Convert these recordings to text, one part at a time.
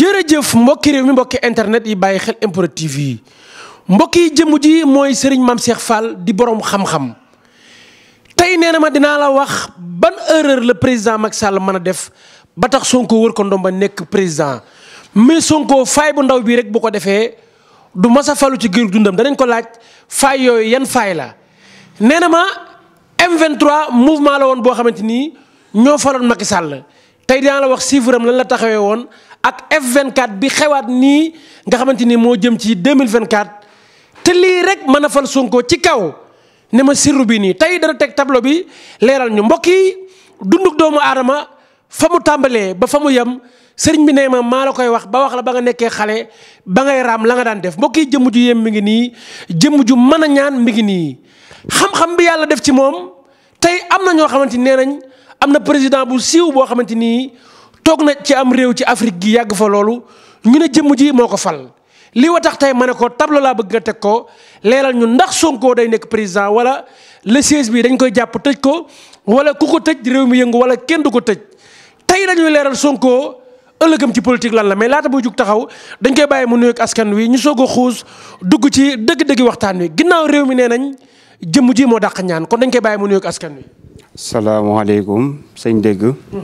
jërëjëf mbokki réew mi mbokki internet yi bàyyi xel MPROD yi mbokk yi jëmm ji mooy sëriñ Mame Cheikh Fall di borom xam-xam tey nee na ma dinaa la wax ban erreur la président Macky Sall mën a def ba tax Sonko wër ko ndomba nekk président mais Sonko faay bu ndaw bii rek bu ko defee du mas a falu ci giir dundam danañ ko laaj faay yooyu yan faay la nee na ma M23 mouvement la woon boo xamante ni ñoo faloon Macky Sall tey dinaa la wax chiffre am la taxawee woon. ak F24 bi xewaat nii nga xamante ni moo jëm ci 2024 te lii rek mën a fal Sonko ci kaw ne ma sirru bi nii tey dana teg tablo bi leeral ñu mbokk yi dunduk doomu aadama fa mu tàmbalee ba fa mu yem sëriñ bi nee ma maa la koy wax ba wax la ba nga nekkee xale ba ngay raam la nga daan def mbokki yi jëmm ju yem mi ngi nii jëm ju mën a ñaan mi ngi nii xam-xam bi yàlla def ci moom tey am na ñoo xamante nee nañ am na président bu siiw boo xamante nii toog na ci am réew ci Afrique gi yàgg fa loolu ñu ne jëmm ji moo ko fal li wa tax tey ma ne ko table laa bëgg nga teg ko leeral ñu ndax Sonko day nekk président wala le siège bi dañ koy jàpp tëj ko wala ku ko tëj réew mi yëngu wala kenn du ko tëj tey dañuy leeral Sonko ëllëgam ci politique lan la mais laata buy jug taxaw dañ koy bàyyi mu nuyoog askan wi ñu soog a xuus dugg ci dëgg-dëgg waxtaan wi ginnaaw réew mi nee nañ jëmm ji moo dàq ñaan kon dañ koy bàyyi mu nuyoog askan wi. salaamaaleykum sëñ dégg. Hmm.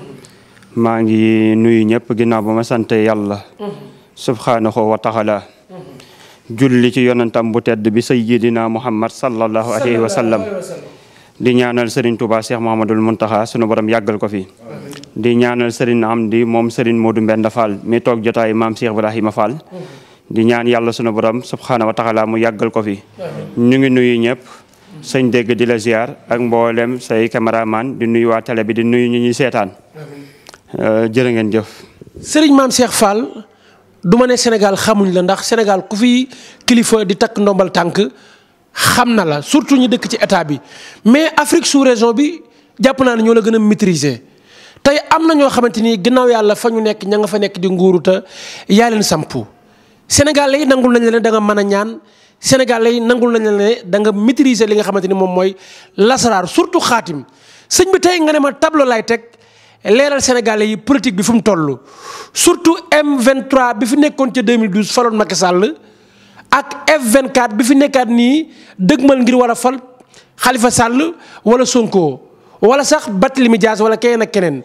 maa ngi nuyu ñëpp ginnaaw ba ma sante yàlla mm-hmm. subhaanahu wa taala mm-hmm. julli ci yonentam bu tedd bi sayyidina muhammad sallallahu alayhi wa sallam di ñaanal Serigne Touba Cheikh Mouhamadoul Mountakha sunu borom yàggal ko fi di ñaanal am di moom Serigne moodu Mbenda Fall mi toog jotaay maam Cheikh Ibrahima Fall mm-hmm. di ñaan yàlla sunu borom subhaana wa mu yàggal ko fi ñu ngi nuyu ñëpp sëñ dégg di la ziar ak mboolem say cameraman di nuyu waa télé bi di nuyu ñu ñuy seetaan Euh, jërë ngeen jëf. sëriñ maam Cheikh Fall du ma ne Sénégal xamuñ la ndax Sénégal ku fi kilifa di takk ndombal tànk xam na la surtout ñu dëkk ci état bi mais Afrique sous région bi jàpp naa ne ñoo la gën a maîtriser tey am na ñoo xamante ni ginnaaw yàlla fa ñu nekk ña nga fa nekk di nguuru te yaa leen sampu Sénégal lay nangul nañ leen da nga mën a ñaan. Sénégal lay nangul nañ la ne da nga li nga xamante ni moom mooy lasaraar surtout xaatim sëñ bi tey nga ne ma tableau lay teg leeral Sénégalais yi politique bi fu mu toll surtout M23 bi fi nekkoon ca 2012 faloon Macky Sall ak F24 bi fi nekkaat nii dëgmal ngir war a fal xalifa sàll wala Sonko wala sax Barthélémy Dias wala keneen ak keneen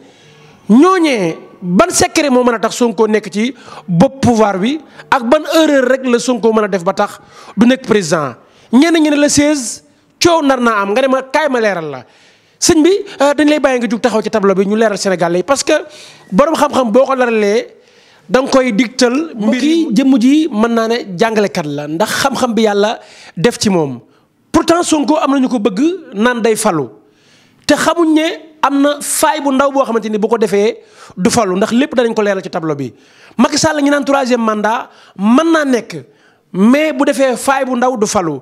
ñooñee ban secret moo mën a tax Sonko nekk ci bopp pouvoir bi ak ban erreur rek la Sonko mën a def ba tax du nekk président ñenn ñi ne la 16 coow nar naa am nga ne ma kaay ma leeral la. sëñ bi euh, dañ lay bàyyi nga jug taxaw ci tableau bi ñu leeral Sénégalais yi parce que borom xam-xam boo ko laralee da koy digtal. mbir yi jëmm ji mën naa ne jàngalekat la ndax xam-xam bi yàlla def ci moom. pour pourtant Sonko am na ñu ko bëgg naan day falu te xamuñ ne am na faay bu ndaw boo xamante ni bu ko defee du falu ndax lépp danañ ko leeral ci tablo bi. Macky Sall ñu naan troisième mandat mën naa nekk mais bu defee faay bu ndaw du falu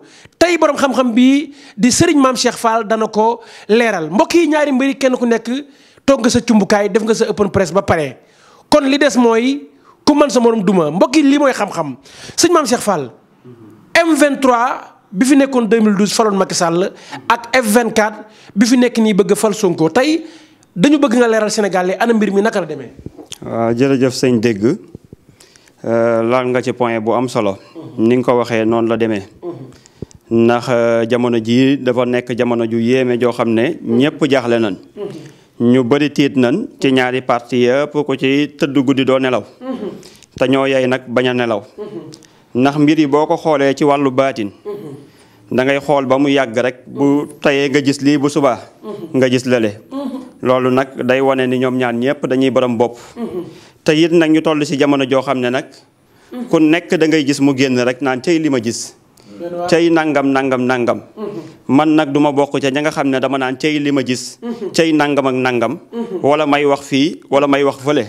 tey borom bii di sëriñ maam Cheikh Fall dana ko leeral mbokk yi ñaari mbëri kenn ku nekk toog sa cumbukaay def nga sa open press ba pare kon li des mooy ku sa morom duma mbokk yi lii mooy xam sëñ maam Cheikh Fall M23 bi fi nekkoon 2012 faloon Macky sàll ak F24 bi fi nekk nii bëgg fal Sonko tey dañu bëgg nga leeral Sénégal yi ana mbir mi naka la demee. waaw jërëjëf sëñ dégg euh, laal nga ci point bu am solo. ni nga ko waxee noonu la demee. ndax euh, jamono jii dafa nekk jamono ju yéeme joo xam ne ñëpp jaaxle nañ ñu bëri tiit nañ ci ñaari parti yëpp ku ci tëdd guddi doo nelaw te ñoo yey nag bañ a nelaw ndax mbir yi boo ko xoolee ci wàllu baatin dangay xool ba mu yàgg rek bu teyee nga gis lii bu subaa nga gis lale loolu nag day wane ni ñoom ñaan ñëpp dañuy borom bopp te nag ñu toll ci jamono joo xam ne nag ku nekk da gis mu génn rek naan tey li ma gis cey nangam nangam nangam mhm. man nag duma bokk ca ña nga xam ne dama naan cay li ma gis mhm. cey nangam ak nangam mhm. wala may wax fii wala may wax fële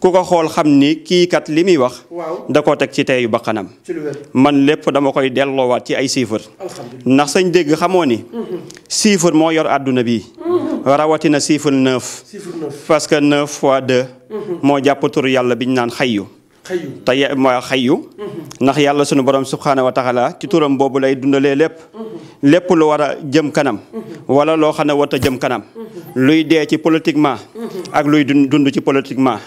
ku ko xool xam ni kii kat li muy wax da koo teg ci teeyu bakkanam man lépp dama koy delloowaat ci ay chiffres ndax sañ dégg xamoo ni chiffre moo yor àdduna bi rawatina chiffre neuf parce que neuf fois deux moo jàpp yàlla bi ñu naan xayyu te mooy xayyu mm-hmm. ndax yàlla sunu borom subhaanahu wa taala ci turam boobu lay dundalee lépp mm-hmm. lépp lu war a jëm kanam mm-hmm. wala loo xam ne warut a jëm kanam luy dee ci politiquement ak luy dund ci politiquement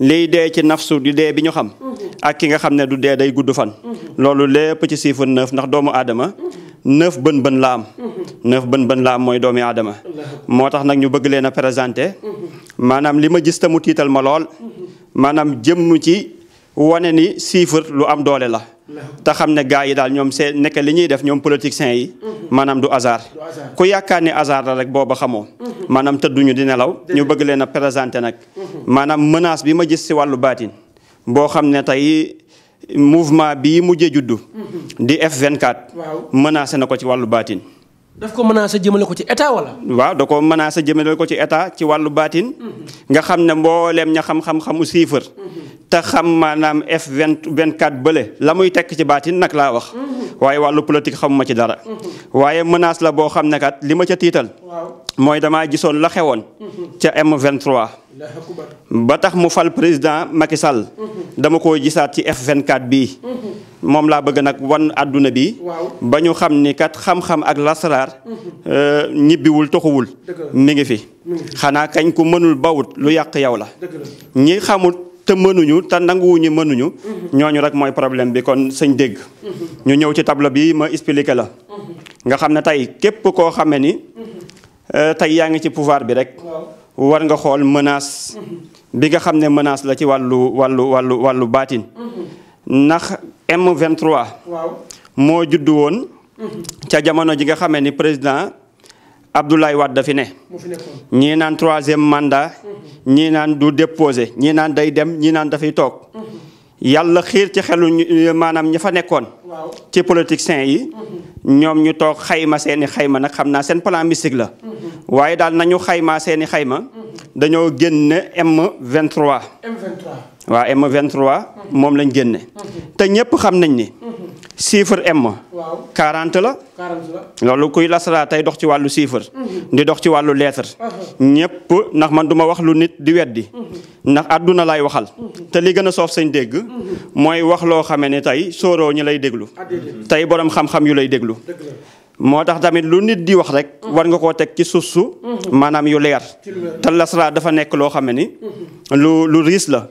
liy dee ci nafsu di dee bi ñu xam ak ki nga xam ne du dee day gudd fan loolu lépp ci chiffre neuf ndax doomu aadama neuf bën bën la am neuf bën bën la am mooy doomi aadama moo tax nag ñu bëgg leen a présenté maanaam li ma gis ta tiital ma lool maanaam jëmm wane ni chiffre lu am doole la. te xam ne gars yi daal ñoom see nekk li ñuy def ñoom politiciens yi. manam du hasard. ku yaakaar ne hasard la rek booba xamoo. maanaam tëdduñu di nelaw. ñu bëgg leen a présenter nag. maanaam menace bi ma gis si wàllu baatin boo xam ne tey mouvement bii mujjee juddu. di F24. waaw menacé na ko ci wàllu baatin. daf ko menacé jëmale ko ci état wala. waaw da ko menacé jëmale ko ci état ci wàllu baatin. Mm-hmm. nga xam ne mbooleem ña xam-xam-xamu chiffre. Mm-hmm. te xam maanaam F vingt vingt quatre bële la muy tekk ci baatin nag laa wax. Mhm. waaye wàllu politique xamuma ci dara. Mhm. waaye menace la boo xam ne kat li ma ca tiital. mooy damaa gisoon la xewoon. Mhm. ca M vingt trois. ba tax mu fal président Macky Sall. dama ko gisaat ci F vingt quatre bii. moom laa bëgg nag wan àdduna bi. ba ñu xam ni kat xam-xam ak lasaraar. Euh, ñibbiwul toxuwul. mi ngi fi. xanaa kañ ku mënul bawut lu yàq yow la. ñi xamut. te mënuñu te nanguwuñu mënuñu. Mhm. ñooñu rek mooy problème bi kon sëñ dégg. Mhm. ñu ñëw ci table bi ma expliqué la. Mhm. nga xam ne tey képp koo xamee ni. Euh, tey yaa ngi ci pouvoir bi rek. war nga xool menace. bi nga xam ne menace la ci wàllu wàllu wàllu wàllu baatin. ndax M23. waaw moo juddu woon. ca jamono ji nga xamee ni président. Abdoulaye Wade dafi ne ñi naan troisième mandat ñii naan du déposé ñii naan day dem ñii naan dafay toog yàlla xiir ci xelu eh, maanaam ña fa nekkoon ci politiciens yi ñoom ñu toog xayma seeni xayma nag xam naa seen plan mystique la waaye daal nañu xaymaa seeni xayma dañoo génne M23 M23 waaw m moom lañ génne te ñépp xam nañ ni mhm. chiffre M. waaw 40 la. 40 la loolu kuy lasara tey dox ci wàllu chiffre. Mhm. di dox ci wàllu lettre. Uh-huh. ñëpp ndax man duma wax lu nit di weddi. Mhm. ndax àdduna lay waxal. Mhm. te li gën a soof sañ dégg. mooy wax loo xamee ne tey sóoroo ñi lay déglu. Ah, tey boroom xam-xam yu lay déglu. moo tax tamit lu nit di wax rek. war nga koo teg ci suuf su. maanaam yu leer. te lasara dafa nekk loo xam ne ni. lu lu riis la.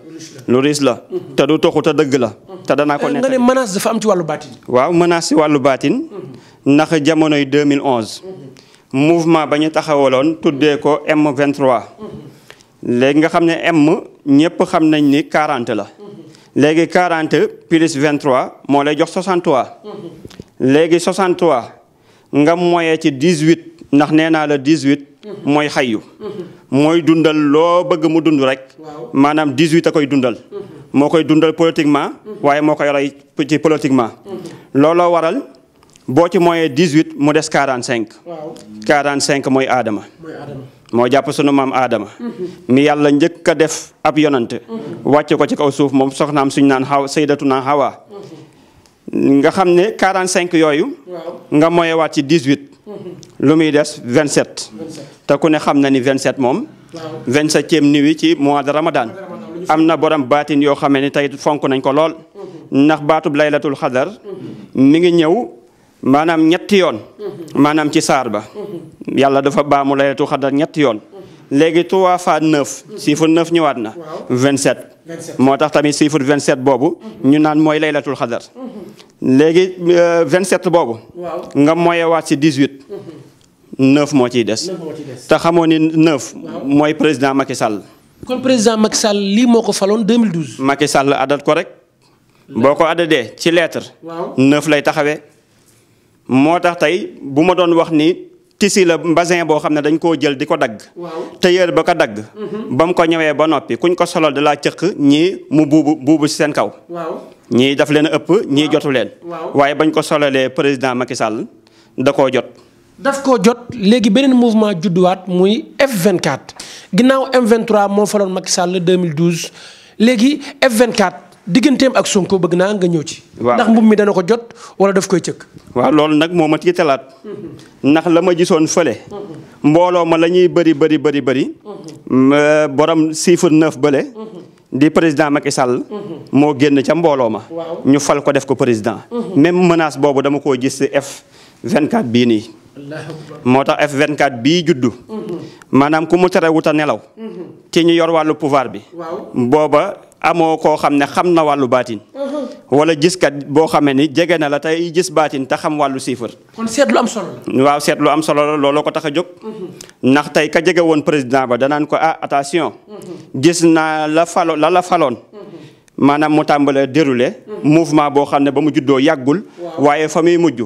lu riis la te du toxu te dëgg la. te danaa ko eh, nettali nga am ci wàllu baatin. waaw menace ci wàllu baatin. Mm-hmm. ndax jamonoy 2011. Mm-hmm. mouvement ba ñu taxawaloon tuddee ko M23. Mm-hmm. léegi nga xam ne M ñëpp xam nañ ni 40 la. léegi 40 plus 23 moo lay jox 63. léegi 63 nga moyee ci 18 ndax nee naa la 18. mooy xayu. mooy dundal loo bëgg mu dund rek. maanaam 18 a koy dundal. moo koy dundal politiquement waaye moo koy rey ci politiquement mhm. looloo waral boo ci mooyee dix huit mu des quarante cinq quarante cinq mooy aadama moo jàpp sunu maam aadama mi mhm. yàlla njëkk a def ab yonante mhm. wàcce ko ci kaw suuf moom soxnaam suñ naan xaw seydatu naan xawa nga xam ne quarante cinq yooyu nga moyewaat ci dix huit lu muy des vingt sept te ku ne xam na ni vingt sept moom vingt septième nuit ci mois de ramadan am na borom baatin yoo xamee ni tey fonk nañ ko lool ndax baatub laylatul xadar mi ngi ñëw maanaam ñetti yoon maanaam ci saar ba yàlla dafa baamu laylatul xadar ñetti yoon léegi trois fois neuf chiffre neuf ñëwaat na vingt-sept moo tax tamit chiffre vingt-sept boobu ñu naan mooy laylatul xadar léegi euh, vingt-sept boobu nga moyewaat ci dix-huit mm-hmm. neuf moo ciy des te xamoo ni neuf mooy président Macky Sall kon président Macky Sall lii moo ko faloon 2012. Macky Sall adat ko rek. boo ko adatee ci lettre. waaw neuf lay taxawee. moo tax tey bu ma doon wax ni tisi la mbasin boo xam ne dañ koo jël di ko dagg. waaw ba ko dagg. Mhm. ba mu ko ñawee ba noppi kuñ ko solal da laa cëq ñii mu buubu buubu ci seen kaw. waaw ñii daf leen a ëpp ñii jotu leen. waaye bañ ko solalee président Macky Sall da koo jot. daf koo jot léegi beneen mouvement judduwaat muy F24. ginnaaw M23 moo faloon Macky Sall 2012 léegi F24 digganteem ak Sonko bëgg naa nga ñëw ci. ndax mbubb mi dana ko jot wala def koy cëkk. waaw loolu nag moo ma ci ndax la ma gisoon fële. mbooloo ma la ñuy bëri bëri bëri bëri. Euh, borom chiffre neuf bële. di président Macky Sall moo génn ca mbooloo ma ñu fal ko def ko président même menace boobu dama koo gis ci F24 bii nii moo tax F24 bii juddu maanaam ku mu tere wut a nelaw mm-hmm. ci ñu yor wàllu pouvoir bi booba amoo koo xam ne xam na wàllu baatin mm-hmm. wala gis kat boo xamee ni jege na la tey gis baatin ta xam wàllu chiffre. kon seet am solo waaw seet am solo la looloo ko tax a jóg. Mm-hmm. ndax tey ka jege woon président ba danaan ko ah attention. gis naa la falo la la faloon. maanaam mu tàmbalee déroulé. mouvement boo xam ne ba mu juddoo yàggul. waaye fa muy mujj.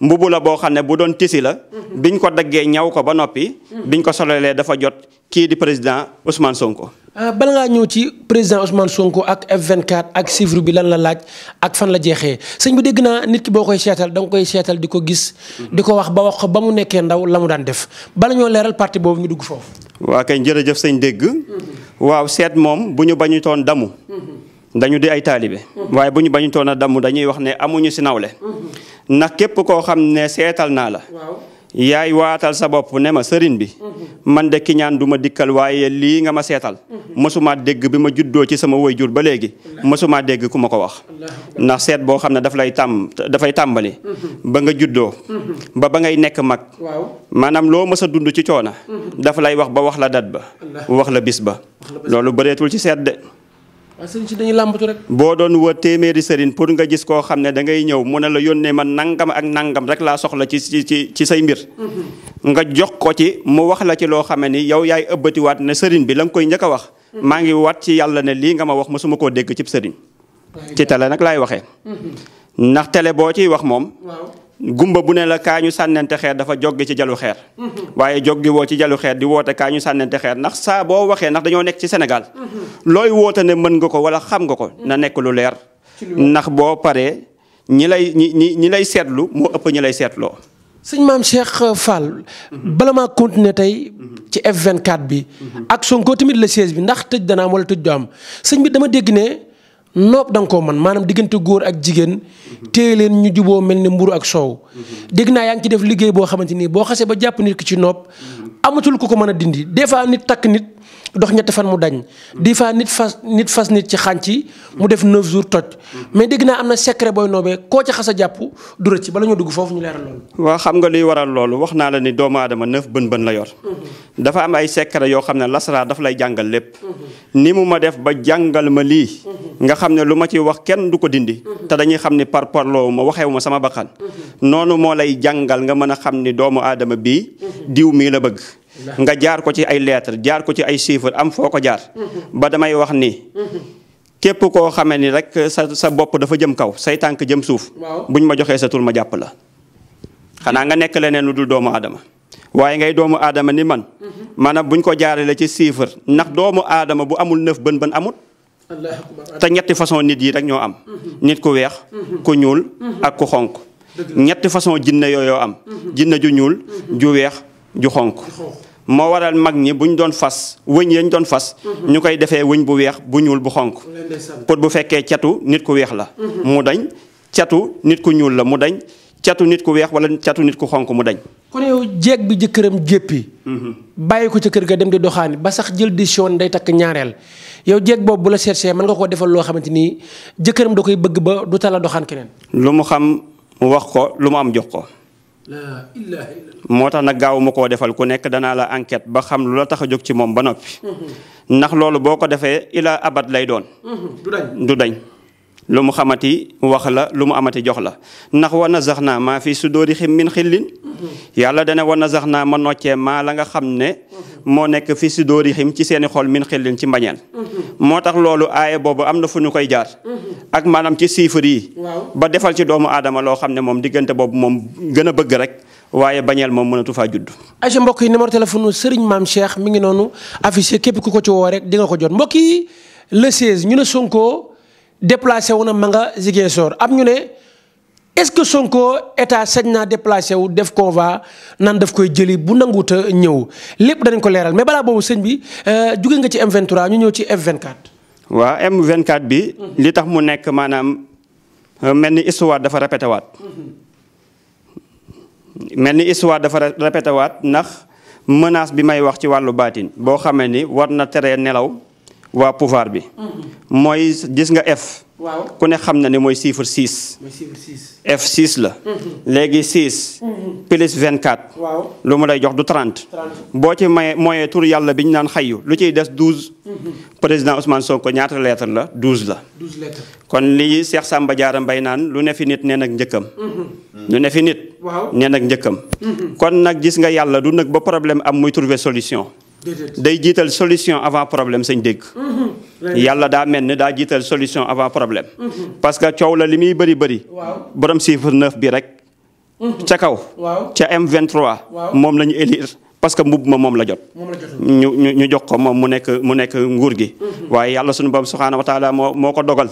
mbubu la boo xam ne bu doon tisi la biñ ko daggee ñaw ko ba noppi biñ ko sololee dafa jot kii di président Ousmane Sonko. Euh, bala ngaa ñëw ci président Ousmane Sonko ak F24 ak chiffre bi lan la laaj ak fan la jeexee sëñ bi dégg naa nit ki boo koy seetal da nga koy seetal di ko gis. di ko wax ba wax ko ba mu nekkee ndaw la mu daan def bala ñoo leeral parti boobu ñu dugg foofu. waa kay jërëjëf sañ dégg. waaw seet moom bu ñu bañu toon damu. Mhm. dañu di ay taalibe. Mhm. waaye bu ñu bañu a damu dañuy wax ne amuñu si nawle. Mhm. ndax képp koo xam ne seetal naa la. yaay waatal sa bopp ne ma sëriñ bi. Mhm. man de kiñaan du ma dikkal waaye lii nga ma seetal. mësuma mhm. dégg bi ma juddoo ci sama way jur ba léegi. mësuma dégg ku ma ko wax. ndax seet boo xam ne daf lay tàmm dafay tàmbali. Mhm. ba nga juddoo. ba ba ngay nekk mag. maanaam loo mës a dund ci coona. dafa lay wax ba wax la dat ba. wax la bis ba. loolu bëreetul ci seet de. waaye sëriñ si dañuy làmbatu rek. boo doon wër téeméeri sëriñ pour nga gis koo xam ne da ngay ñëw mu ne la yónnee ma nangam ak nangam rek laa soxla ci ci ci ci say mbir. Mm-hmm. nga jox ko ci mu wax la ci loo xam ne ni yow yaay ëbbatiwaat ne sëriñ bi langa koy njëkk a wax. Mm-hmm. maa ngi waat ci yàlla ne lii nga ma wax ma suma koo dégg cib sëriñ. ci tele nag laay waxee. Mm-hmm. ndax tele boo ciy wax moom. gumba bu ne la kaa ñu sànnante xeer dafa joggi ci jalu xeer waaye joggi woo ci jalu xeer di woote kaa ñu sànnante xeer ndax saa boo waxee ndax dañoo nekk ci Sénégal looy woote ne mën nga ko wala xam nga ko na nekk lu leer ndax boo paree ñi lay ñi ñi ñi lay seetlu moo ëpp ñi lay seetloo sëñ maam Cheikh Fall bala maa continuer tey ci F24 bi ak Sonko tamit la siège bi ndax tëj dana am wala tëj do am sëñ bi dama dégg ne noob da nga man maanaam diggante góor ak jigéen téye leen ñu juboo mel ni mburu ak soow dégg naa yaa ngi ci def liggéey boo xamante nii boo xasee ba jàpp nit ki ci nopp amatul ku ko mën a dindi des fois nit takk nit dox ñetti fan mu dañ. di fa nit fas nit fas nit ci xànc yi mu def 9 jours toj. mais dégg naa am na secret booy noobee koo ci xas a jàpp du rëcc bala ñoo dugg foofu ñu leeral loolu. waaw xam nga liy waral loolu wax naa la ni doomu aadama neuf bën bën la yor. dafa am ay secret yoo xam ne lasara dafa lay jàngal lépp. ni mu ma def ba jàngal ma lii. nga xam ne lu ma ci wax kenn du ko dindi. te dañuy xam ne par parloo ma waxeewu ma sama bakkan. noonu moo lay jàngal nga mën a xam ni doomu aadama bii. diw mii la bëgg. nga jaar ko ci ay lettre jaar ko ci ay chiffres am foo ko jaar mm-hmm. ba damay wax nii mm-hmm. képp koo xamee ni rek sa sa bopp dafa jëm kaw say tànk jëm suuf buñ ma joxee sa tur jàpp la xanaa nga nekk leneen lu dul doomu adama waaye ngay doomu aadama ni man mm-hmm. maanaam buñ ko jaarale ci chiffre ndax doomu aadama bu amul neuf bën bën amut te ñetti façon nit yi rek ñoo am nit ku weex ku ñuul ak ku xonk ñetti façon jinne yooyoo am jinne ju ñuul ju weex ju xonk moo waral mag ñi bu ñu doon fas wëñ yañ doon fas mhm. ñu koy defee wëñ bu weex bu ñuul bu xonk pour bu fekkee catu nit ku weex la mhm. mu dañ catu nit ku ñuul la mu dañ catu nit ku weex wala catu nit ku xonk mu dañ kon yow jeeg bi jëkkëram jéppi mhm. bàyyi ko ca kër ga dem di doxaani ba sax jël di décision day takk ñaareel yow jeeg boobu bu la cherché man nga koo defal loo xamante ni jëkkëram da koy bëgg ba du tala doxaan keneen lu mu xam wax ko lu mu am jox ko moo tax na gaawuma ma koo defal ku nekk danaa la enquête ba xam lu la tax a jóg ci moom ba noppi. Mm-hmm. ndax loolu boo ko defee ilaa abad lay doon. Mm-hmm. du dañ. lu mu xamati wax la lu mu amati jox la ndax war na sax naa maa fi su dóori xim min xillin yàlla dana war na sax naa ma noccee maa la nga xam ne moo nekk fi su dóori xim ci seeni xol min xillin ci mbañeel moo tax loolu aaye boobu am na fu ñu koy jaar ak maanaam ci chiffres yi ba defal ci doomu aadama loo xam ne moom diggante boobu moom gën a bëgg rek waaye bañeel moom mënatu faa judd. ayca mbokk yi numéro téléphone Serigne maam Cheikh mi ngi noonu affiché képp ku ko ci woo di nga ko jot mbokk yi déplacé wu na ma nga Ziguinchor am ñu ne est-ce que Sonko état sañ naa déplacé wu def convoi nan daf koy jëli bu nanguut a ñëw lépp danañ ko leeral mais balaa boobu sëñ bi euh, jóge nga ci M23 ñu ñëw ci F24. waa M24 bi. li tax mu nekk maanaam euh, mel ni histoire dafa répété waat. mel ni histoire dafa répété ndax menace bi may wax ci wàllu baatin boo xamee ni war na tere nelaw. waa pouvoir bi. Mhm. mooy gis nga F. waaw ku ne xam na ne mooy chiffre 6. mooy F la. Mhm. léegi 6. Mhm. plus 24. waaw lu mu lay jox du 30. boo ci maye mooyee tur yàlla bi ñu naan xayu lu ciy des 12. président Ousmane Sonko ñaata lettre la 12 la. kon li Cheikh Samba Diarra Mbaye naan lu ne fi nit nee ak njëkkam. lu ne fi nit. waaw nee nag njëkkam. kon nag gis nga yàlla du nag ba problème am muy trouver solution. day jiital solution avant problème sañ dégg mhm. yàlla daa mel ni daa jiital solution avant problème mhm. parce que coow la li muy bëri bëri borom chiffre neuf bi rek mhm. ca kaw ca m moom la ñu parce que mbubb ma moom la jot ñu ñu ñu jox ko moom mu nekk mu nekk nguur gi waaye yàlla suñu borom subhaanahu wa taala moo moo ko dogal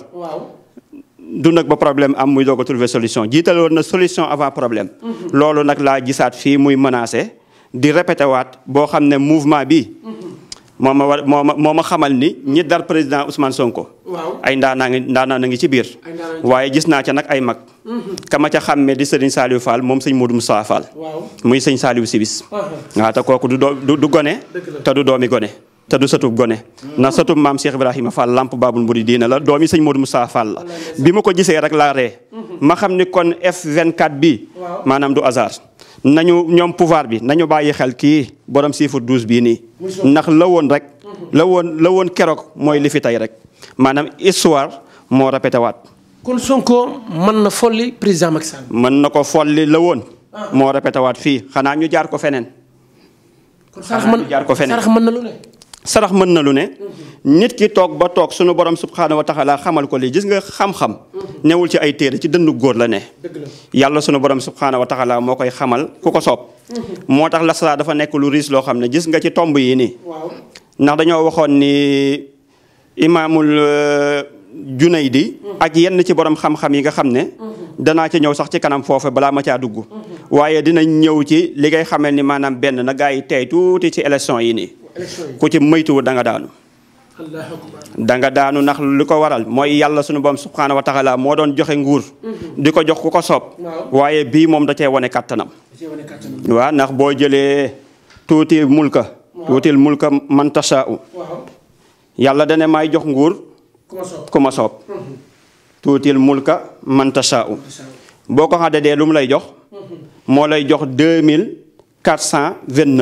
du nag ba problème am muy doog a trouver solution jiitaloon na solution avant problème loolu nag laa gisaat fii muy menacé di répété waat boo xam ne mouvement bi mhm. moo ma war moo ma moo ma xamal ni ñi dar président Ousmane Sonko. waaw ay ndaanaa ngi ngi ci biir. waaye gis na ca nag ay mag. Mhm. kama ca xàmme di sëriñ Saliou Fall moom sëñ Modou Moussa Fall. muy sëñ Saliou Sibis. waaw te kooku du doo du gone. te du doomi gone. te du satub gone mhm. na satub maam Cheikh Ibrahima Fall lamp Baabul Muridiina la doomi sëñ Modou Moussa Fall la. bi ma ko gisee rek laa ree ma xam ni kon F24 bi maanaam du hasard. nañu ñoom pouvoir bi nañu bàyyi xel kii boroom chiffre douze bii nii ndax la woon rek la woon la woon keroog mooy li fi tey rek maanaam histoire moo répété waat. kon Sonko mën na folli président Macky Sall. mën na ko folli la woon. Ah. moo rapetewaat fii xanaa ñu jaar ko feneen. sarax mën na lu ne nit ki toog ba toog sunu borom subxanahu wa taala xamal ko lii gis nga xam-xam. newul ci ay téere ci dëndu góor la ne. yàlla sunu borom subxanahu wa taala moo koy xamal ku ko soob. moo tax lasra dafa nekk lu riis loo xam ne gis nga ci tomb yi nii. ndax dañoo waxoon ni imaamul euh, Junaydi ak yenn ci borom xam-xam yi nga xam ne. danaa ci ñëw sax ci kanam foofu balaa ma caa dugg. waaye dinañ ñëw ci li ngay xamal ni maanaam benn na gaa yi tey tuuti ci élection yi nii. ku ci moytuwul da nga daanu da nga daanu ndax lu ko waral mooy yàlla suñu borom subhaanahu wa taala moo doon joxe nguur mhm. di ko jox ku ko soob waaye bii moom da cee wane kattanam waa ndax boo jëlee tuuti mulka tuutil mulka manta tashaa'u yàlla dane may jox nguur ku ma mhm. tuutil mulka manta tashaa'u boo ko xadde dee lum lay jox mhm. moo lay jox deux mille quatre cent vingt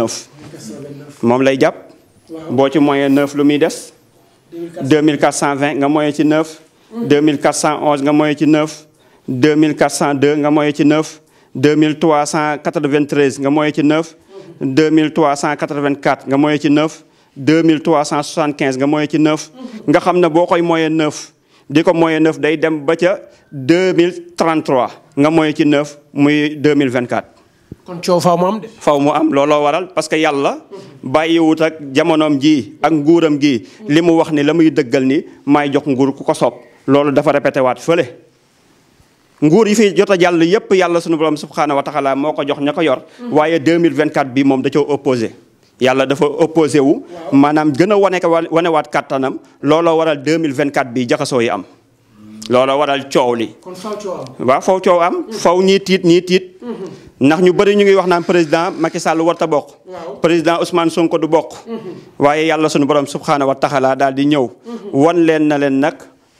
moom lay jàpp boo ci moyen 9 lu muy des. 2420 nga moyen ci 9. 2411 hmm. nga moyen ci 9. 2402 nga moyen ci 9. 2393 nga moyen ci 9. 2384 hmm. nga moyen ci 9. 2375 nga moyen ci 9. Hmm. nga xam ne boo koy moyen 9. di ko moyen 9 day dem ba ca 2033 nga moyen ci 9 muy 2024. kon coow faaw mu am mu am looloo waral parce que yàlla bàyyiwu ak jamonoom ji ak nguuram gi li mu wax ni la muy dëggal ni maay jox nguur ku ko soob loolu dafa répété waat fële. nguur yi fi jot a jàll yépp yàlla sunu borom subxanahu wa taala moo ko jox ña ko yor. waaye mille 2024 bi moom da coo opposé. yàlla dafa opposé wu. maanaam gën a wane ko wanewaat kattanam looloo waral vingt 2024 bi jaxasoo yi am. loola waral coow li. kon faw coow am. waaw faw coow am. faw ñii tiit ñii tiit. Mhm. ndax ñu bëri ñu ngi wax naan président Macky Sall warta bokk. président Ousmane Sonko du bokk. Mhm. waaye yàlla sunu borom subxanahu wa taala daal di ñëw. Mhm. wan leen na leen nag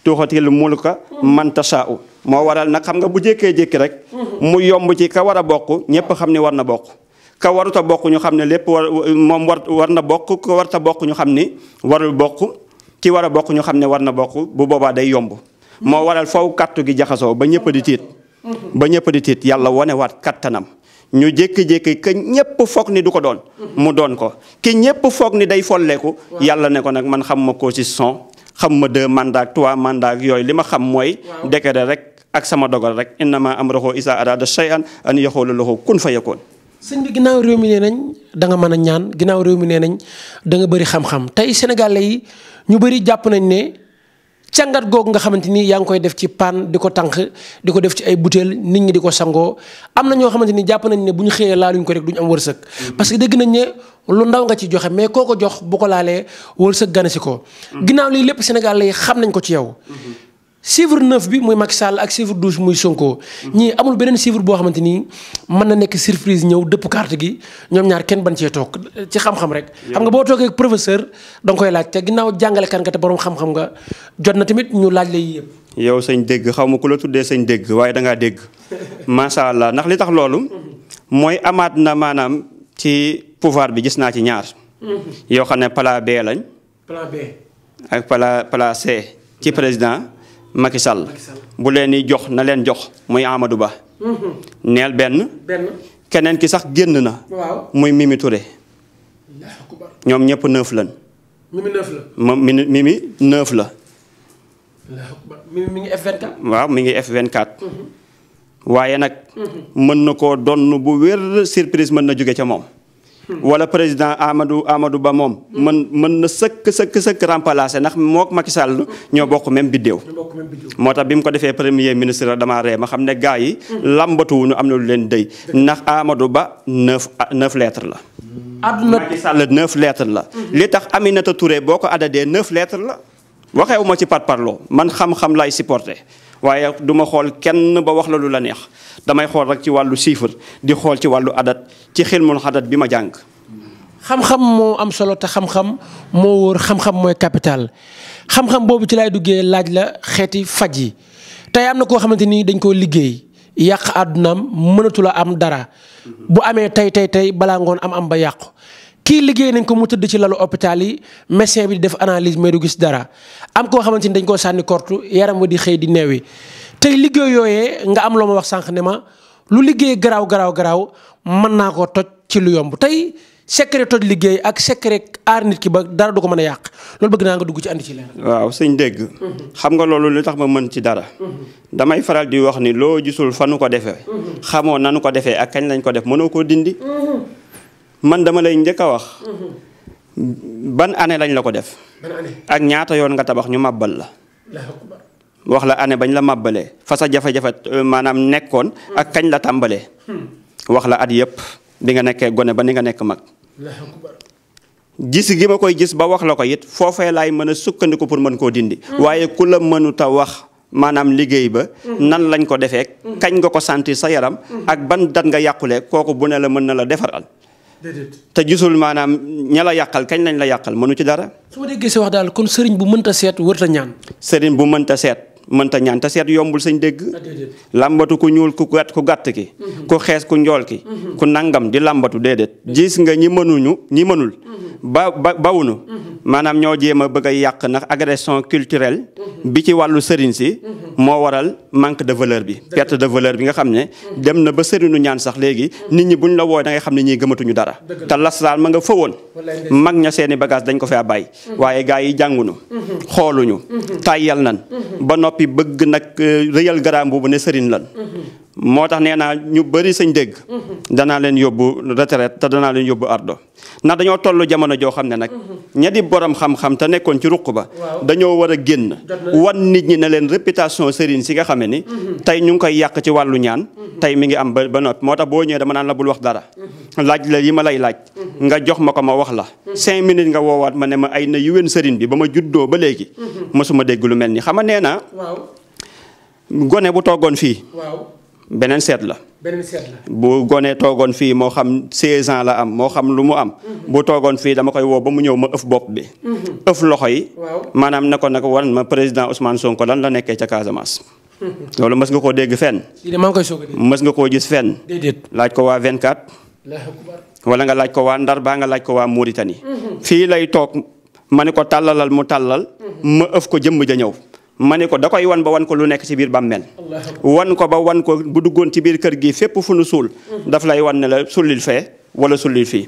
tuuxatil mulka manta tasaaw moo waral nag xam nga bu jékkee jékki rek. mu yomb ci ka war a bokk ñëpp xam ni war na bokk. ka waruta bokk ñu xam ne lépp war moom war war na bokk ka warta bokk ñu xam ni warul bokk ci war a bokk ñu xam ne war na bokk bu boobaa day yomb. moo waral faw kàttu gi jaxasoo ba ñëpp di tiit ba ñëpp di tiit yàlla waat kattanam ñu jékki-jékki ke ñëpp foog ni du ko doon mu doon ko ki ñëpp foog ni day folleeku yàlla ne ko nag man xam ma constitution xam ma deux mandat ak trois mandat ak yooyu li ma xam mooy décret rek ak sama dogal rek innama amruhu isa arada shay'an an yaqulu lahu kun fayakun sëñ bi ginnaaw réew mi ne nañ danga mën a ñaan ginnaaw réew mi nee nañ da nga bëri xam-xam tey sénégalais yi ñu bëri jàpp nañ ne càngat googu nga xamante ni yaa ngi koy def ci paan di ko tànk di ko def ci ay butéel nit ñi di ko sangoo am na ñoo xamante ni jàpp nañ ne bu ñu xëyee laaluñ ko rek duñ am wërsëg. Mm-hmm. parce que dégg nañ ne lu ndaw nga ci joxe mais koo ko jox bu ko laalee wërsëg gane si ko. Mm-hmm. ginnaaw lii lépp Sénégal lay xam nañ ko ci yow. Mm-hmm. chiffre neuf bi muy Macky Sall ak chiffre douze muy Sonko. ñii amul beneen chiffre boo xamante ni mën na nekk surprise ñëw dëpp carte gi ñoom ñaar kenn ban cee toog ci xam-xam rek. xam nga boo toogee professeur da nga koy laaj te ginnaaw jàngalekat nga te borom xam-xam nga jot na tamit ñu laaj la yépp yow sañ dégg xaw ma ku la tuddee sañ dégg waaye da dégg macha allah ndax li tax loolu. mooy amaat na maanaam ci pouvoir bi gis naa ci ñaar. Mhm. yoo xam ne plan B lañ. plan B. ak plan plan ci président. Macky Sall bu leen di jox na leen jox muy Amadou Ba. Mhm. neel benn. keneen ki sax génn na. muy Mimi Touré. ñoom ñëpp neuf lan Mimi neuf la. moom Mimi neuf la. mi ngi F24. waaw mhm. waaye nag. Mhm. mën na koo donn bu wér surprise mën na jóge ca moom. wala président Amadou Amadou Ba moom. mën mën na sëkk sëkk sëkk remplacer ndax mook Macky Sall ñoo bokk même biddéew. moo tax bi mu ko defee premier ministre damaa ree ma xam ne gars yi. lambatuwuñu am na lu leen dëy ndax Amadou Ba neuf neuf lettres la. àdduna Macky Sall neuf lettres la. li tax Aminata Touré boo ko adadee neuf lettres la. waxeewu ci ci parloo man xam-xam lay supporter waaye duma xool kenn ba wax la lu la neex damay xool rek ci wàllu chiffre di xool ci wàllu adat ci xilmul adat bi ma jàng. xam-xam moo am solo te xam-xam moo wóor xam-xam mooy capital xam-xam boobu ci lay duggee laaj la xeeti faj yi tey am na koo xamante ni dañ koo liggéey yàq àddunaam a am dara bu amee tey tey tey balaa ngoon am am ba yàqu. kii liggéey nañ ko mu tëdd ci lalu hôpital yi médecin bi di def analyse mais du gis dara am koo xamante ni dañ koo sànni kortu yaram wa di xëy di neewi tey liggéey yooyee nga am loo ma wax sànq ne ma lu liggéey garaaw garaaw garaaw mën naa ko toj ci lu yomb tey secret toj liggéey ak secret aar nit ki ba dara du ko mën a yàq loolu bëgg naa nga dugg ci andi ci leen waaw sëñ dégg. xam nga loolu li tax ma mën ci dara. damay faral di wax ni loo gisul fa nu ko defee. xamoo nanu ko defee ak kañ lañ ko def mënoo koo dindi. man dama lay njëkk a wax. ban année lañ la ko def. ak ñaata yoon nga tabax ñu màbbal la. wax la année bañ la màbbalee fa sa jafe-jafe euh, maanaam nekkoon ak kañ la tàmbalee. Hmm. wax la at yëpp bi nga nekkee gone ba ni nga nekk mag. gis gi ma koy gis ba wax la ko it foofee laay mën a sukkandiku pour mën koo dindi. Hmm. waaye ku la mënut a wax maanaam liggéey ba. Hmm. nan lañ ko defee. kañ nga ko sentir sa yaram. ak ban dat nga yàqulee kooku bu ne la mën na la defaral. te gisul maanaam ña la yàqal kañ lañ la yàqal mënu ci dara. su ma déggee si wax daal kon sëriñ bu mën mënta seet ta ñaan. sëriñ bu mën mënta seet. mënta ñaan te seet yombul sañ dégg ah, làmbatu ku ñuul ku gàtt ku gàtt ki mhm. ku xees ku njool ki mhm. ku nangam di làmbatu déedéet jis nga ñi mënuñu ñi mënul mhm. ba ba bawuñu maanaam ñoo jéem a bëgg a yàq nag agression culturel bi ci wàllu sëriñ si moo waral manque de valeur bi perte de valeur bi nga xam ne dem na ba sëriñu ñaan sax léegi nit ñi buñu la wooy da ngay xam ne ñii gëmatuñu dara te lasraal ma nga fëwoon mag ña seeni bagage dañ ko fee bàyyi waaye gars yi jànguñu xooluñu tàyyal nan ba noppi bëgg nag eh, rëyal garaam boobu ne sëriñ lan moo tax nee naa ñu bëri sañ dégg. danaa leen yóbbu retraite te danaa yóbbu ardo na dañoo toll jamono joo xam ne nag. ña di borom xam-xam te nekkoon ci ruq ba. dañoo war a génn. wan nit ñi ne leen réputation sëriñ si nga xame ni. Mm-hmm. tey ñu ngi koy yàq ci wàllu ñaan. Mm-hmm. tey mi ngi am ba ba noppi moo tax boo ñëwee dama naan la bul wax dara. Mm-hmm. laaj la yi ma lay laaj. nga jox ma ko ma wax la. cinq minutes nga woowaat ma ne ma ay na yuwen sëriñ bi ba ma juddoo ba léegi. mosuma dégg lu mel ni xam nga nee naa. gone bu toogoon fii. beneen seet la. beneen seet la bu gonee toogoon fii moo xam 16 ans la am moo xam lu mu am. Mhm. bu toogoon fii dama koy woo ba mu ñëw ma ëf bopp bi. Mhm. ëf loxo yi. maanaam ne ko nag ma président Ousmane Sonko lan la nekkee ca Casamance. Mhm. loolu mës nga koo dégg fenn. maa ngi koy mës nga koo jis fenn. laaj ko waa vingt 24. wala nga laaj ko waa Ndar baa nga laaj ko waa Mauritanie. fii lay toog ma ne ko tàllalal mu tàllal. ma ëf ko jëmm ja ñëw. ma ne ko da koy wan ba wan ko lu nekk ci biir bàmmeel wan ko ba wan ko bu duggoon ci biir kër gi fépp fu nu suul daf lay wan ne la sullil fee wala sullil fii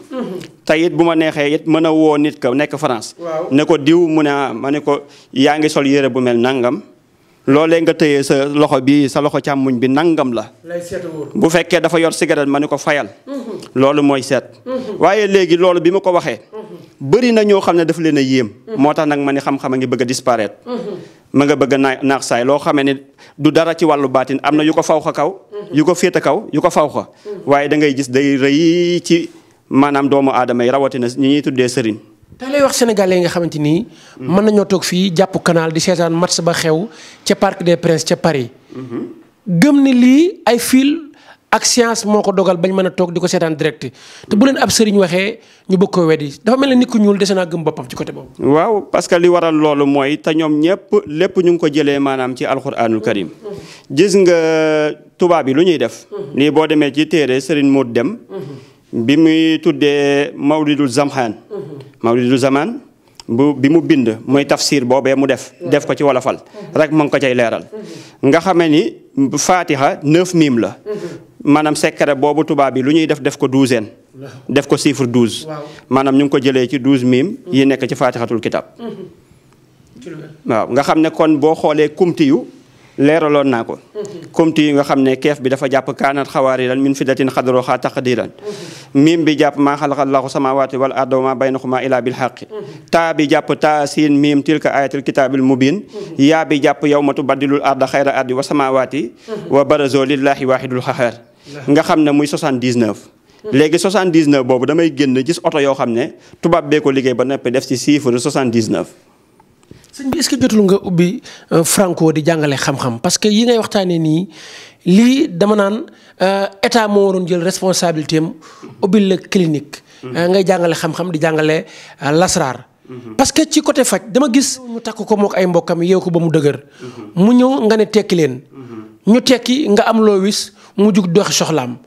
te it bu ma neexee it mën a woo nit ka nekk France ne ko diw mu ne ah, ma ne ko yaa ngi sol yére bu mel nangam loolee nga tëyee sa loxo bi sa loxo càmmuñ bi nangam la bu fekkee dafa yor cigarette ma ne ko fayal mm-hmm. loolu mooy seet mm-hmm. waaye léegi loolu bi ma ko waxee bëri na ñoo xam ne daf leen a yéem. Mhm. moo tax nag ma ne xam-xam a ngi bëgg a mhm. ma nga bëgg a naa naax saay loo xamee ne du dara ci wàllu baatin am na yu ko faw xa kaw. Mhm. yu ko féete kaw yu ko faw xa. waaye da ngay gis day rëy ci maanaam doomu aadama yi rawatina ñi ñuy tuddee sëriñ. tey lay wax sénégalais yi nga xamante ni. mën nañoo toog fii jàpp canal di seetaan match ba xew ca Parc de Princes ca Paris. gëm ne lii ay fil ak science moo ko dogal bañ mën a toog di ko seetaan direct te bu leen ab sëriñ waxee ñu bëgg ko weddi dafa mel ne nit ku ñuul dese naa gëm boppam ci côté boobu. waaw parce que li waral loolu mooy te ñoom ñëpp lépp ñu ngi ko jëlee maanaam ci alxuraanul karim gis nga tubaab yi lu ñuy def. Mm-hmm. nii boo demee ci téere sëriñ Modou Dem mm-hmm. bi muy tuddee Mawlidul Zamxaan. Mm-hmm. Mawlidul Zamaan bu bi mu bind muy tafsir boobee mu def def ko ci wolofal rek mu ngi ko cay leeral nga xame ni faatiha neuf mim la maanaam secret boobu tubaab bi lu ñuy def def ko douzaine def ko chiffre douze maanaam ñu ngi ko jëlee ci douze mim yi nekk ci faatihatul kitab waaw nga xam ne kon boo xoolee kumti leeraloon naa ko comte yi nga xam ne keef bi dafa jàpp kaanat xawaariran min fidatin xadaroxa taqdiran mim bi jàpp maa xalaqallahu samawati wal arda ma baynahuma ila bil xaqi taa bi jàpp taa siin miim tilka ayatul kitaabil mubin yaa bi jàpp yawma tubaddilul arda xayra ardi wa samawati wa barazo lillahi wahidul xaxaar nga xam ne muy 79 léegi 79 boobu damay génn gis oto yoo xam ne tubaab bee ko liggéey ba noppi def ci chiffre 79 sëñ bi est-ce que jotul nga ubbi euh, Franco di jàngale xam-xam parce que yi ngay waxtaanee nii lii dama naan euh, état moo waroon jël responsabilité am ubbil la clinique. Euh, ngay jàngale xam-xam di jàngale lasraar. parce que ci côté faj dama gis. ñu takk ko mook ay mbokkam yeew ko ba mu dëgër. mu ñëw nga ne tekki leen. ñu tekki nga am loo wis mu jug doxi soxlaam.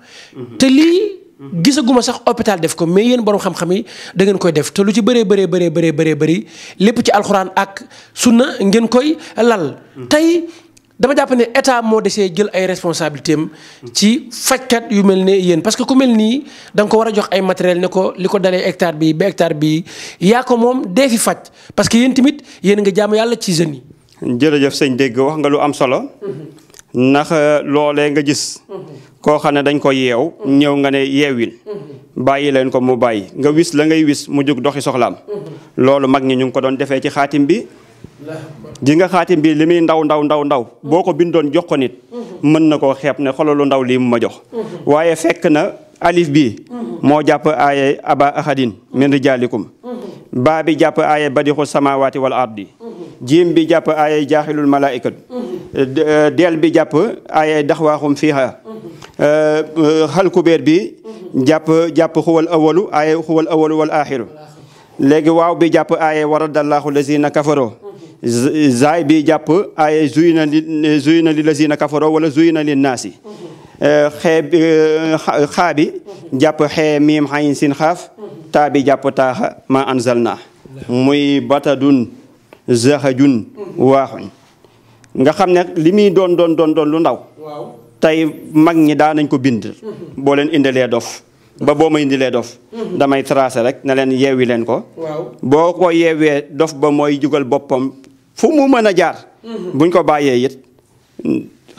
te lii gisaguma sax hôpital def ko mais yéen borom xam-xam yi da ngeen koy def te lu ci bëree bëree bëree bëree lépp ci alxuraan ak sunna ngeen koy lal. tey dama jàpp ne état moo desee jël ay responsabilités am ci fajkat yu mel ne yéen parce que ku mel nii da nga ko war a jox ay matériel ne ko li ko dalee hectare bi ba hectare bi yaa ko moom dee fi faj parce que yéen tamit yéen nga jàmm yàlla ci jeunes yi. jërëjëf sëñ dégg wax nga lu am solo. ndax euh, loole nga gis koo xam ne dañ ko yeew ñëw nga ne yeewil bàyyi leen ko mu bàyyi nga wis la ngay wis mu jug doxi soxlaam loolu mag ñi ñu ngi ko doon defee ci xaatim bi ji nga xaatim bi li muy ndaw ndaw ndaw ndaw boo ko bindoon jox ko nit mën na koo xeeb ne xolalu ndaw lii mu ma jox waaye fekk na alif bi moo jàpp aaye aba ahadin min rijaalikum baa bi jàpp aaye badixu samawaati wal ardi jiim bi jàpp aayay jaaxilul malaaykatu mhm. euh, deel bi jàpp aayay daxwaaxum fiiha mhm. euh, xalkubeer bi mhm. jàpp jàpp xuwal awalu aayay xuwal awalu wal aaxiru léegi waaw bi jàpp aayay waradallaahu lazina kafaroo zaay bi jàpp aayay zuyna li lazina kafaroo wala zuyna li naasi euh, xee jàpp xee miim xayin sin xaaf taa jàpp taaxa ma anzalna muy batadun zaxajun waaxuñ nga xam ne li muy doon doon doon doon lu ndaw tey mag ñi daa nañ ko bind boo leen indilee dof ba boo ma indilee dof damay tracé rek na leen yeewi leen ko boo ko yeewee dof ba mooy jugal boppam fu mu mën a jaar buñ ko bàyyee it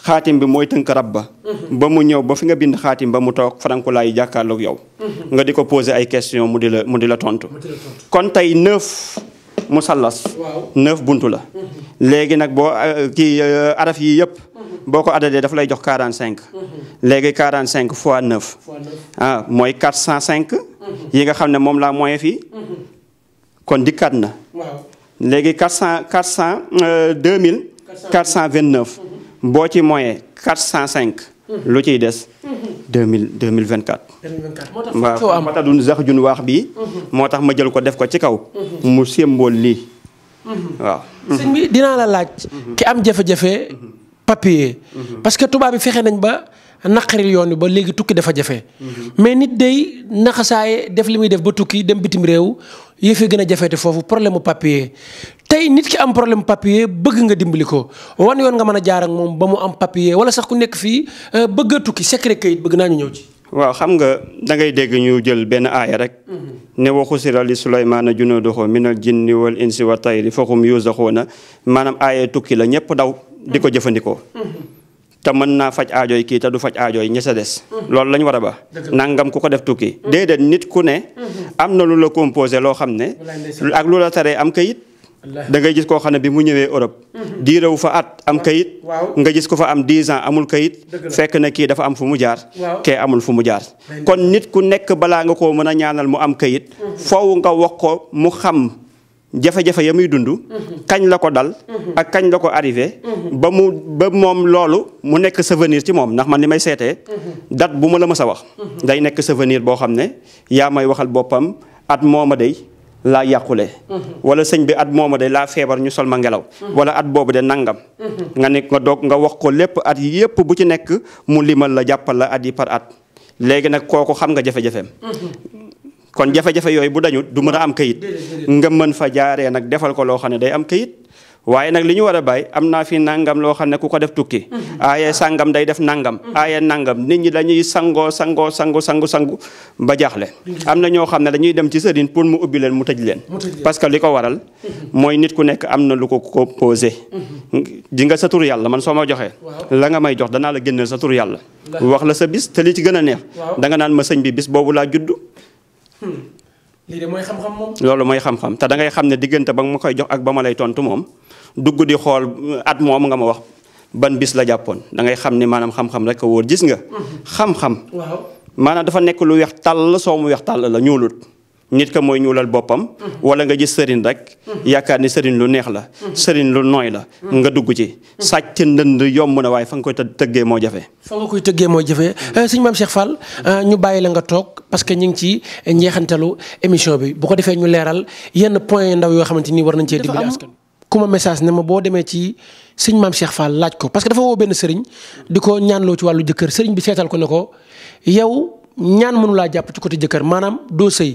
xaatim bi mooy tënk rab ba ba mu ñëw ba fi nga bind xaatim ba mu toog farankulaayu jàkkaarloog yow nga di ko posé ay question mu di la mu di la tontu kon tey neuf musallas neuf bunt la léegi nag boo euh, kii euh, araf yii yëpp boo ko adadee daf lay jox quarante cinq léegi quarante cinq fois neuf ah mooy quatre cent cinq yi nga xam ne moom laa moyen fii kon dikkaat na léegi quatre cent quatre cent euh, deux mille quatre cent vingt neuf boo ci moyen quatre cent cinq lu ciy des. deux mille deux mille vingt quatre. moo tax waaw matadun waax bi. Mhm. moo tax ma jël ko def ko ci kaw. mu sémbool lii. Mhm. waaw. sëñ bi dinaa la laaj. Mhm. ki am jafe-jafe. papier. parce que tubaab yi fexe nañ ba. naqaril yoon wi ba léegi tukki dafa jafe. mais nit day naxasaaye def li muy def ba tukki dem bitim réew yëf gën a jafeete foofu problème mu papier tey nit ki am problème papier bëgg nga dimbali ko wan yoon nga mën a jaar ak moom ba mu am papier wala sax ku nekk fii euh, bëgg tukki secret kayit bëgg naa ñu ñëw ci. waaw xam nga da dégg ñu jël benn aaya rek. Mm-hmm. ne wa xusira li Sulaymaana junuuduhu minal jinni wal insi wa tayri fahum yuzaxuuna maanaam aaya tukki la ñëpp daw. di ko mm-hmm. jëfandikoo. Mm-hmm. te mën naa faj aajooy kii te du faj aajooy ñi sa des. loolu la ñu war a ba. nangam ku ko def tukki. déedéet nit ku ne. am na lu la composé loo xam ne. ak lu la taree am kayit. da ngay gis koo xam ne bi mu ñëwee Europe. Mhm. diirewu fa at am kayit. nga gis ko fa am 10 ans amul kayit. fekk ne kii dafa am fu mu jaar. kee amul fu mu jaar. kon nit ku nekk balaa nga koo mën a ñaanal mu am kayit. Mhm. foofu nga wax ko mu xam. jafe-jafe ya muy dund mhm. kañ la ko dal mhm. ak kañ la ko arrivé mhm. ba mu ba moom loolu mu nekk souvenir ci moom ndax man ni may seetee dat bu ma la mës a wax day nekk souvenir boo xam ne yaa may waxal boppam at mooma day laa yàqule wala sëñ bi at mooma day laa feebar ñu sol ma ngelaw wala at boobu de nangam nga nekk nga doog nga wax ko lépp at yépp bu ci nekk mu limal la jàppal la at yi par at léegi nag kooku xam nga jafe-jafeem kon jafe-jafe yooyu bu dañu du mën a am kayit nga mën fa jaaree nag defal ko loo xam ne day am kayit waaye nag li ñu war a bàyyi am naa fi nangam loo xam ne ku ko def tukki mm-hmm. aaye sangam day def nangam mm-hmm. aaye nangam nit ñi dañuy sangoo sangoo sangu sangu sangu ba jaaxle mm-hmm. am na ñoo xam ne dañuy dem ci sëriñ pour mu ubbi leen mu tëj leen parce que li ko waral mooy nit ku nekk am na lu ko ko posé di nga sa tur yàlla man soo ma joxee la nga may jox danaa la génneel sa tur yàlla Hmm. loolu mooy xam-xam te dangay xam ne diggante ba nga ma koy jox ak ba ma lay tontu moom dugg di xool uh, at moom nga ma wax ban bis la jàppoon da ngay xam ne maanaam xam-xam rek ko wóor gis nga. Hmm. xam-xam. waaw dafa nekk lu weex tàll soo mu weex tàll la ñuulut. nit ka mooy ñuulal boppam wala nga gis sëriñ rek yaakaar ni sëriñ lu neex la sëriñ lu nooy la nga dugg ci sàcc ndënd yomb na waaye fa nga koy tëggee moo jafe fa nga koy tëggee moo jafe eh, sëñ maam Cheikh Fall eh, ñu bàyyi la nga toog parce que ñu ngi ci njeexantalu émission bi bu ko defee ñu leeral yenn point yu yoo xamante nii war nañ cee dimbali askan ku ma message ne ma boo demee ci sëñ maam Cheikh Fall laaj ko parce que dafa benn sëriñ di ko ñaanloo ci wàllu jëkkër sëriñ bi seetal ko ne ko yow ñaan mënulaa laa jàpp ci côté jëkkër maanaam doo sëy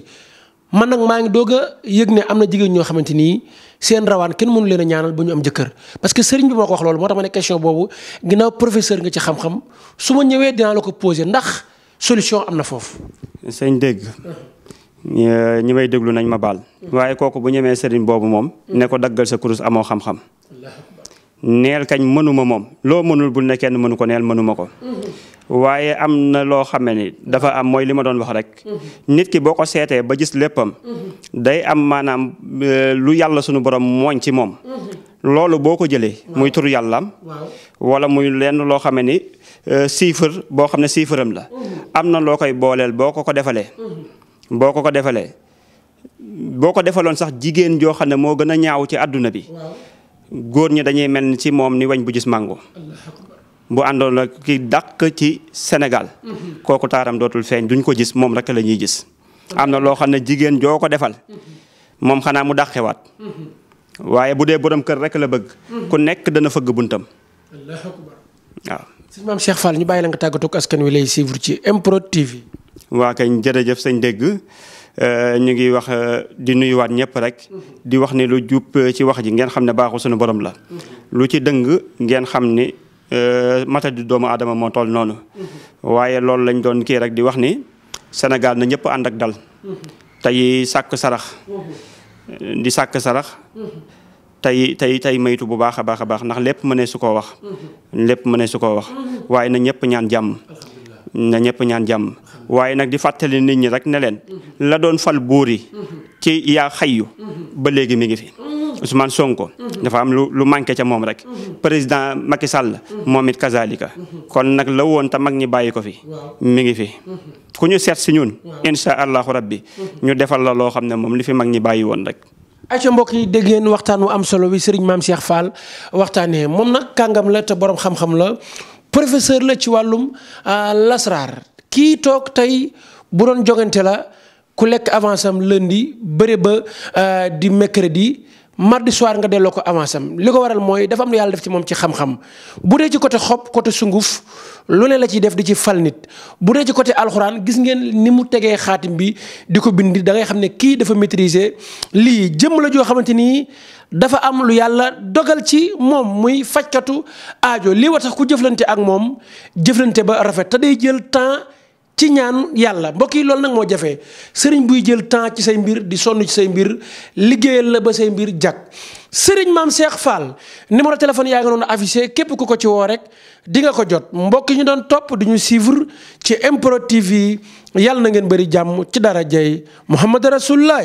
man nag maa ngi doog a yëg ne am na jigéen ñoo xamante nii seen rawaan kenn mënu leen a ñaanal ba ñu am jëkkër parce que sëriñ bi moo ko wax loolu moo tax ma ne question boobu ginnaaw professeur nga ci xam-xam su ma ñëwee dinaa la ko posé ndax solution am na foofu. sëñ dégg euh, ñi may déglu nañ ma baal. waaye kooku bu ñemee sëriñ boobu moom. ne ko daggal sa kurus amoo xam-xam. neel kañ mënuma moom loo mënul bul ne kenn mënu ko neel mënuma ko. waaye am na loo xam ne ni dafa am mooy li ma doon wax rek nit ki boo ko seetee ba gis léppam day am maanaam e, lu yàlla sunu borom mooñ ci moom loolu boo ko jëlee muy turu yàllaam wala muy lenn loo xam ne ni e, chiffre boo xam ne chiffream la am na loo koy booleel boo ko ko defalee boo ko ko defalee boo ko defaloon sax jigéen joo xam ne moo gën a ñaaw ci àdduna bi góor ñi dañuy mel ni ci moom ni weñ bu gis màngo bu àndoon ak ki dàq ci Sénégal kooku taaram dootul feeñ duñ ko gis moom rek lañuy ñuy gis am na loo xam ne jigéen joo ko defal moom xanaa mu dàqewaat waaye bu dee boroom kër rek la bëgg ku nekk dana fëgg buntam waaw sëñ maam Cheikh Fall ñu bàyyi la nga askan wi lay suivre ci MPROD TV waa kañ jërëjëf sañ dégg euh, ñu ngi wax euh, di nuyuwaat ñëpp rek di wax ni lu jub euh, ci wax ji ngeen xam ne baaxu suñu borom la lu ci dëng ngeen xam ni Euh, matadi doomu aadama moo toll noonu. Mm-hmm. waaye loolu lañ doon kii rek di wax ni senegal na ñëpp ànd ak dal. Mm-hmm. tey sàkk sarax. Mm-hmm. di sàkk sarax. tey tey tey maytu bu baax a baax a baax ndax lépp mënee su koo wax. lépp mënee su koo wax waaye na ñëpp ñaan jàmm. na ñëpp ñaan jàmm. waaye nag di fàttali nit ñi rek ne leen la doon fal buur yi ci yaa xayyu ba léegi mi ngi fi Ousmane Sonko dafa am lu lu manqué ca moom rek président Macky Sall moom it kazalika kon nag la woon te mag ñi bàyyi ko fi mi ngi fi ku ñu seet si ñun insha allahu rabbi ñu defal la loo xam ne moom li fi mag ñi bàyyi woon rek ayca mbokk yi dégg ngeen waxtaan wu am solo wi sëriñ maam Cheikh Fall waxtaanee moom nag kàngam la te borom xam-xam la professeur la ci wàllum ah, lasraar kii toog tey bu doon jogante la ku lekk avance am di bëre ba euh, di mercredi mardi soir nga delloo ko avance am li ko waral mooy dafa am lu yàlla def ci moom ci xam-xam bu dee ci côté xob côté sunguf lu ne la ciy def di ci fal nit bu dee ci côté alxuraan gis ngeen ni mu tegee xaatim bi di ko bindi da ngay xam ne kii dafa maîtriser lii jëmm la joo xamante ni dafa am lu yàlla dogal ci moom muy fajkatu aajo lii wa tax ku jëflante ak moom jëflante ba rafet te day temps. ci ñaan yàlla mbokk yi loolu nag moo jafee sëriñ buy jël temps ci say mbir di sonn ci say mbir liggéeyal la ba say mbir jag sëriñ maam seex Fall numéro téléphone yaa ngi doon affiché képp ku ko ci woo rek di nga ko jot mbokk yi ñu doon topp duñu ñu ci MPROD TV yàlla na ngeen bëri jàmm ci dara jey Muhammad Rasulullah